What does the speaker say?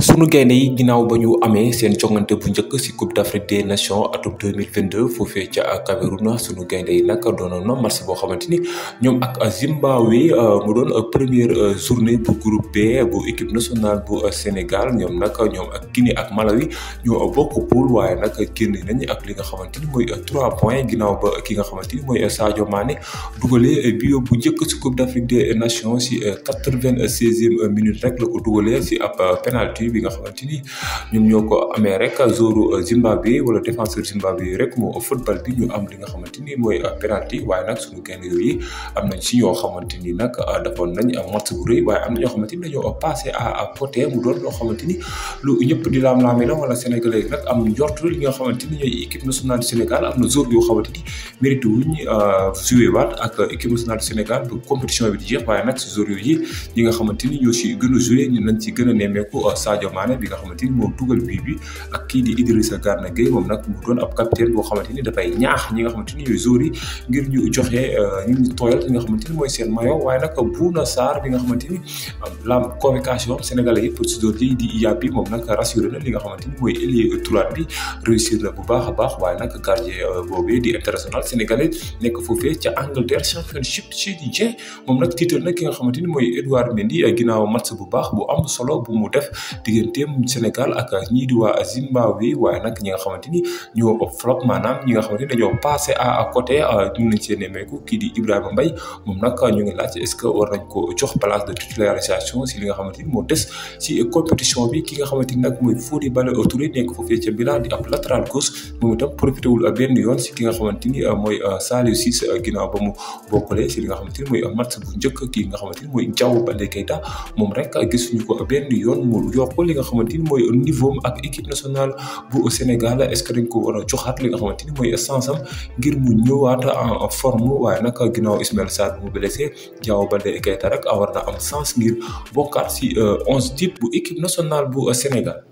sunu gaynde yi ginnaaw ba ñu amee seen congante bu njëkk ci coupe d'Afrique des nations atum 2022 foofee ca Cameroun sunu gaynde yi nag doonoon na match boo xamante ni ñoom ak Zimbabwe euh, mu doon euh, première euh, journée bu groupe B Sénégal ñoom nag ñoom ak Guinée ak Malawi ñoo bokk pool waaye nag génn nañ ak li nga xamante ni mooy 3 points ginnaaw ba ki nga xamante ni mooy Sadio Mané dugalee bio bu njëkk ci coupe d'Afrique des nations ci 96e minute rek la ko dugalee si ab penalty bi nga xamante ni ñoom ñoo ko amee rek zoro Zimbabwe wala défenseur Zimbabwe rek moo football bi ñu am li nga xamante mooy penalty waaye waaye am na ñoo xamante li nga xamante ni euh, si gën a joué nañ ci gën a nemmeeku euh, Sadio Sadio Mané bi nga xamante ni moo dugal bii bi ak kii di Idrissa Gana Gueye moom nag mu doon ab capitaine boo xamante ni dafay ñaax ñi nga xamante ni ñooy ngir ñu joxe ñu euh, ñu tooyal li nga xamante ni mooy seen maillot waaye nag Bouna saar bi nga xamante ni la convocation sénégalais yëpp si doon lii di IAB bi moom nag rassuré na li nga xamante ni mooy ailier droit bi réussir na bu baax a baax waaye nag gardien euh, boobee di international sénégalais nekk foofee ca Angleterre championship ci di jeex moom nag tiital na ki nga xamante ni mooy Edouard Mendy ginnaaw match bu baax bu am solo bu mu def digganteem Sénégal ak ñii di waa Zimbabwe waaye nag ñi nga xamante ni ñoo ëpp flop maanaam ñi nga xamante ni dañoo passé à côté euh, ñu nañ see nemmeeku kii di Ibrahima Mbaye moom nag ñu ngi laaj est-ce que war nañ ko jox place de titularisation si li nga xamante ni moo des si compétition bi ki nga xamante ni nag mooy Fodé Ballo-Touré nekk foofee ca Milan di ab latéral gauche moom itam profité wul benn yoon si ki nga xamante ni euh, mooy euh, Saliou Ciss ginnaaw ba mu bokkale si li nga xamante ni mooy match bu njëkk kii nga xamante ni mooy Diao Baldé Keita moom rek gisuñu ko benn yoon mu yokk ko li nga xamante ni mooy niveau am ak équipe nationale bu Sénégal est-ce que dañ ko war li nga xamante mooy essence ngir mu ñëwaat en forme waaye nag ginnaaw Ismaël Sarr mu blessé i Baldé Keita rek war na am sens ngir bokkaat si euh, onze type bu équipe nationale bu euh, Sénégal.